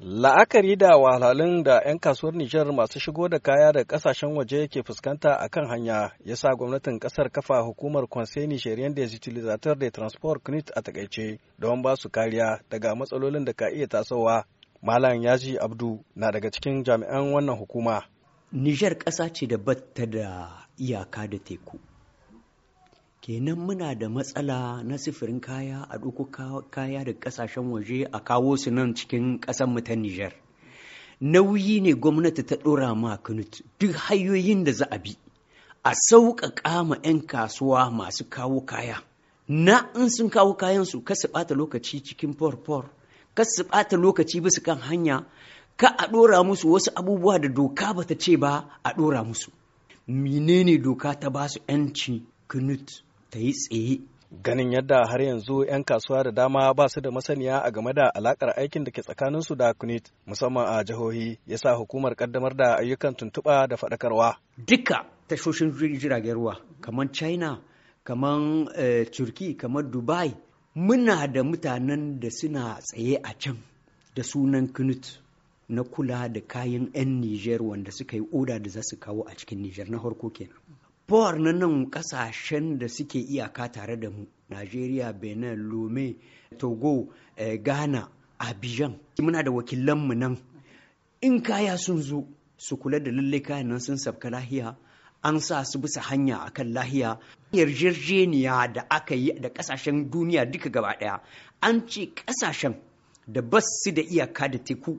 La'akari da wahalhalun da 'yan kasuwar Nijar masu shigo da kaya da kasashen waje ke fuskanta a kan hanya ya sa gwamnatin kasar kafa hukumar Conseil Nigerien des Utilisateurs de Transport CNIT a takaice don ba su kariya daga matsalolin da ka iya tasowa. Malam Yaji Abdu na daga cikin jami'an wannan hukuma. Nijar ƙasa ce da batta da iyaka da teku. kenan muna da matsala na sifirin kaya a ɗauko kaya da ƙasashen waje a kawo su nan cikin ƙasar mu ta Nijar. Nauyi ne gwamnati ta ɗora ma kunut duk hanyoyin da za a bi a sauƙaƙa ma 'yan kasuwa masu kawo kaya. Na in sun kawo kayan su ɓata lokaci cikin por ka su ɓata lokaci bisa kan hanya, ka a ɗora musu wasu abubuwa da doka bata ce ba a ɗora musu. Menene doka ta ba su 'yanci kunut ta yi tsaye ganin yadda har yanzu 'yan kasuwa da dama ba su da masaniya a game da alakar aikin da ke tsakaninsu da kunit musamman a jihohi ya sa hukumar kaddamar da ayyukan tuntuɓa da faɗakarwa duka tashoshin jiragen ruwa kamar china kamar eh, turki kamar dubai muna da mutanen da suna tsaye a can da sunan kunit na kula da kayan 'yan niger wanda suka yi oda da za su kawo a cikin niger na harko kenan fowar na nan kasashen da suke iyaka tare da mu Najeriya, Benin, Lome, Togo, eh, Ghana, Abidjan. Muna da wakilanmu nan. In kaya sun zo, su kula da lallai kayan nan sun sabka lahiya, an sa su bisa hanya akan lahiya. Yarjejeniya da aka yi da kasashen duniya duka gaba ɗaya. An ce kasashen da bas su da iyaka da teku,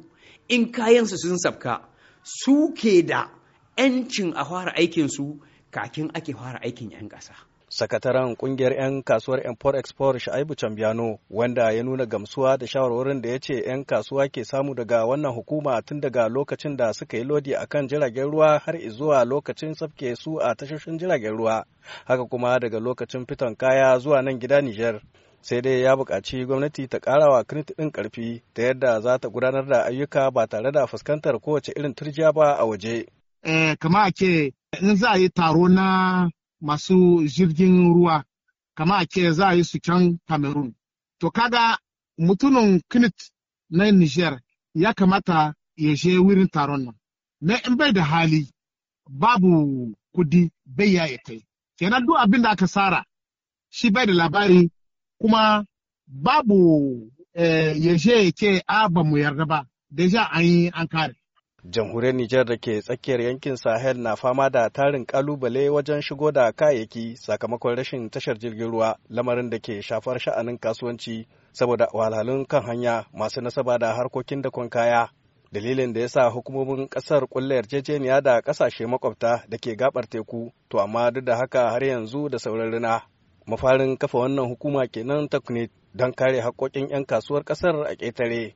in kayansu sun sabka, su ke da 'yancin a fara aikinsu kakin ake fara aikin 'yan ƙasa. sakataren kungiyar 'yan kasuwar import export sha'ibu cambiano wanda ya nuna gamsuwa da shawarwarin da ya ce 'yan kasuwa ke samu daga wannan hukuma tun daga lokacin da suka yi lodi a kan jiragen ruwa har zuwa lokacin tsafke su a tashoshin jiragen ruwa haka kuma daga lokacin fiton kaya zuwa nan gida nijar sai dai ya buƙaci gwamnati ta ƙara wa kirinti ɗin ƙarfi ta yadda za ta gudanar da ayyuka ba tare da fuskantar kowace irin turjiya ba a waje Eh, kama a in za a yi taro na masu jirgin ruwa kama ake za a yi su can cameroon to kaga mutumin knut na niger ya kamata ya je wurin taron nan na in bai da hali babu kudi bai ya kai kenan duk abin da aka sara shi bai da labari kuma babu eh, ya je ke a ba mu yarda ba deja an yi an kare Jamhuriyar niger da ke tsakiyar yankin Sahel na fama da tarin kalubale wajen shigo da kayayyaki sakamakon rashin tashar jirgin ruwa lamarin da ke shafar sha'anin kasuwanci saboda walhalun kan hanya masu nasaba da harkokin dakon kaya. Dalilin da ya sa hukumomin kasar kulle yarjejeniya da kasashe makwabta da ke gabar teku to amma duk da haka har yanzu da sauran Mafarin kafa wannan hukuma kenan ta don kare haƙƙoƙin 'yan kasuwar ƙasar a ƙetare.